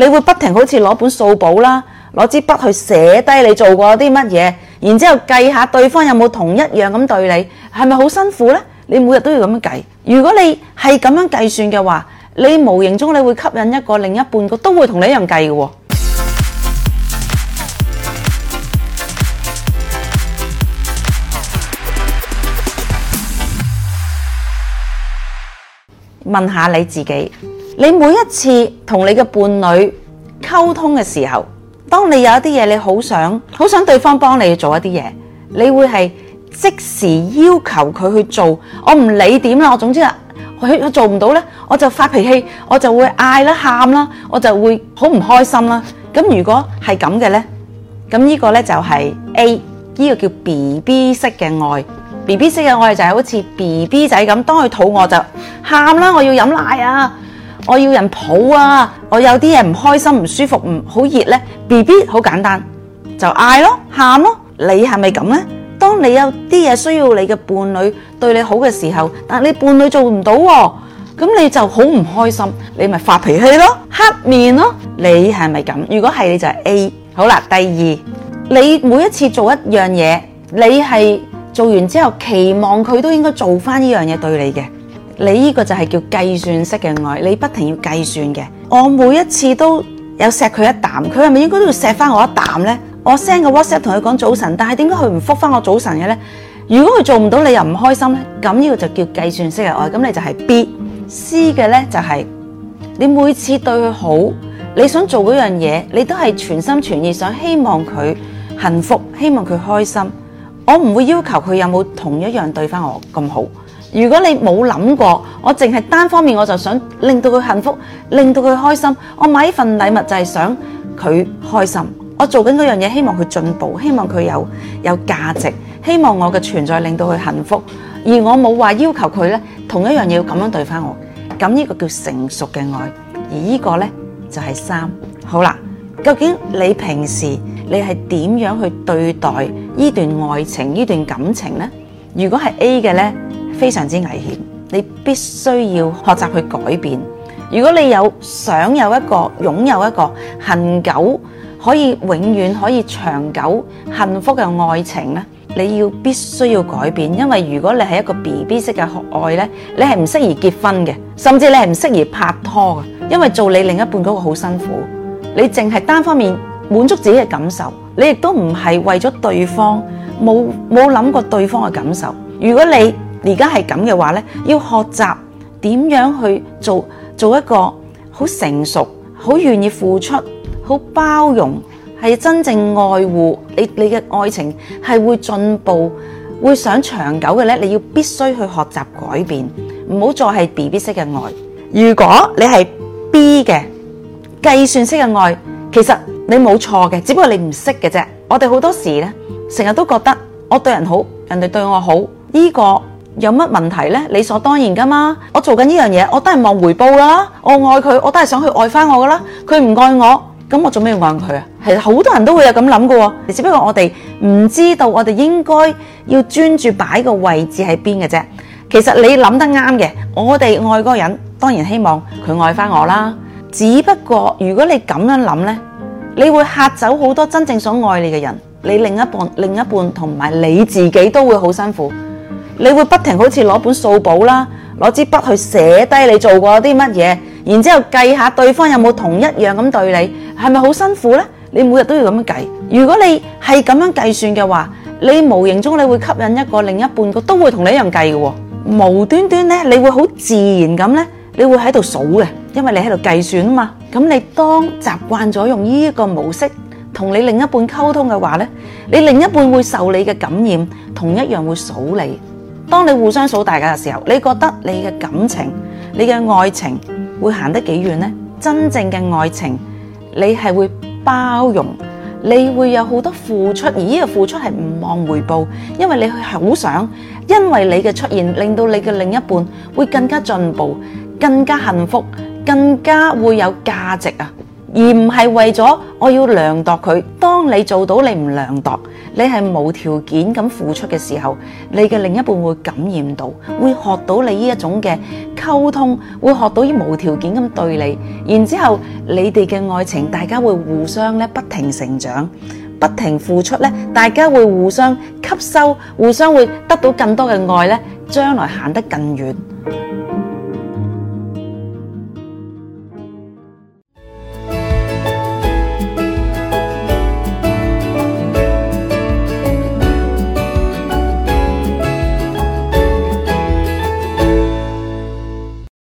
你會不停好似攞本數簿啦，攞支筆去寫低你做過啲乜嘢，然之後計下對方有冇同一樣咁對你，係咪好辛苦呢？你每日都要咁樣計。如果你係咁樣計算嘅話，你無形中你會吸引一個另一半個，個都會同你一樣計嘅喎。問下你自己。你每一次同你嘅伴侶溝通嘅時候，當你有一啲嘢你好想好想對方幫你去做一啲嘢，你會係即時要求佢去做。我唔理點啦，我總之啊，佢佢做唔到咧，我就發脾氣，我就會嗌啦、喊啦，我就會好唔開心啦。咁如果係咁嘅咧，咁呢個咧就係 A，呢個叫 BB 式嘅愛。BB 式嘅愛就係好似 BB 仔咁，當佢肚餓就喊啦，我要飲奶啊！我要人抱啊！我有啲嘢唔開心、唔舒服、唔好熱呢。BB 好簡單就嗌咯、喊咯。你係咪咁呢？當你有啲嘢需要你嘅伴侶對你好嘅時候，但你伴侶做唔到，咁你就好唔開心，你咪發脾氣咯、黑面咯。你係咪咁？如果係你就係 A。好啦，第二，你每一次做一樣嘢，你係做完之後期望佢都應該做翻呢樣嘢對你嘅。你呢個就係叫計算式嘅愛，你不停要計算嘅。我每一次都有錫佢一啖，佢係咪應該都要錫翻我一啖呢？我 send 個 WhatsApp 同佢講早晨，但係點解佢唔覆翻我早晨嘅呢？如果佢做唔到，你又唔開心咧？咁呢個就叫計算式嘅愛。咁你就係 B C 嘅呢，就係、是、你每次對佢好，你想做嗰樣嘢，你都係全心全意想希望佢幸福，希望佢開心。我唔會要求佢有冇同一樣對翻我咁好。如果你冇諗過，我淨係單方面我就想令到佢幸福，令到佢開心。我買呢份禮物就係想佢開心。我做緊嗰樣嘢，希望佢進步，希望佢有有價值，希望我嘅存在令到佢幸福。而我冇話要求佢咧，同一樣嘢要咁樣對返我。咁呢個叫成熟嘅愛。而呢個咧就係三好啦。究竟你平時你係點樣去對待呢段愛情，呢段感情咧？如果係 A 嘅咧？非常之危險，你必須要學習去改變。如果你有想有一個擁有一個恆久可以永遠可以長久幸福嘅愛情咧，你要必須要改變，因為如果你係一個 BB 式嘅戀愛咧，你係唔適宜結婚嘅，甚至你係唔適宜拍拖嘅，因為做你另一半嗰個好辛苦，你淨係單方面滿足自己嘅感受，你亦都唔係為咗對方，冇冇諗過對方嘅感受。如果你而家係咁嘅話呢，要學習點樣去做做一個好成熟、好願意付出、好包容，係真正愛護你。你嘅愛情係會進步，會想長久嘅呢。你要必須去學習改變，唔好再係 BB 式嘅愛。如果你係 B 嘅計算式嘅愛，其實你冇錯嘅，只不過你唔識嘅啫。我哋好多時呢，成日都覺得我對人好，人哋對我好，呢個。有乜問題呢？理所當然㗎嘛，我做緊呢樣嘢，我都係望回報啦，我愛佢，我都係想去愛返我㗎啦，佢唔愛我，咁我做咩要愛佢呀？其實好多人都會有咁諗㗎喎，只不過我哋唔知道我哋應該要專注擺個位置喺邊嘅啫。其實你諗得啱嘅，我哋愛個人，當然希望佢愛返我啦，只不過如果你咁樣諗呢，你會嚇走好多真正想愛你嘅人，你另一半，另一半同埋你自己都會好辛苦。你會不停好似攞本數簿啦，攞支筆去寫低你做過啲乜嘢，然之後計下對方有冇同一樣咁對你，係咪好辛苦呢？你每日都要咁樣計。如果你係咁樣計算嘅話，你無形中你會吸引一個另一半個，佢都會同你一樣計嘅喎。無端端呢，你會好自然咁呢，你會喺度數嘅，因為你喺度計算啊嘛。咁你當習慣咗用呢一個模式同你另一半溝通嘅話呢，你另一半會受你嘅感染，同一樣會數你。當你互相數大家嘅時候，你覺得你嘅感情、你嘅愛情會行得幾遠呢？真正嘅愛情，你係會包容，你會有好多付出，而呢個付出係唔望回報，因為你係好想，因為你嘅出現令到你嘅另一半會更加進步、更加幸福、更加會有價值啊！而唔係為咗我要量度佢。當你做到你唔量度，你係無條件咁付出嘅時候，你嘅另一半會感染到，會學到你呢一種嘅溝通，會學到以無條件咁對你。然之後你哋嘅愛情，大家會互相咧不停成長，不停付出咧，大家會互相吸收，互相會得到更多嘅愛咧，將來行得更遠。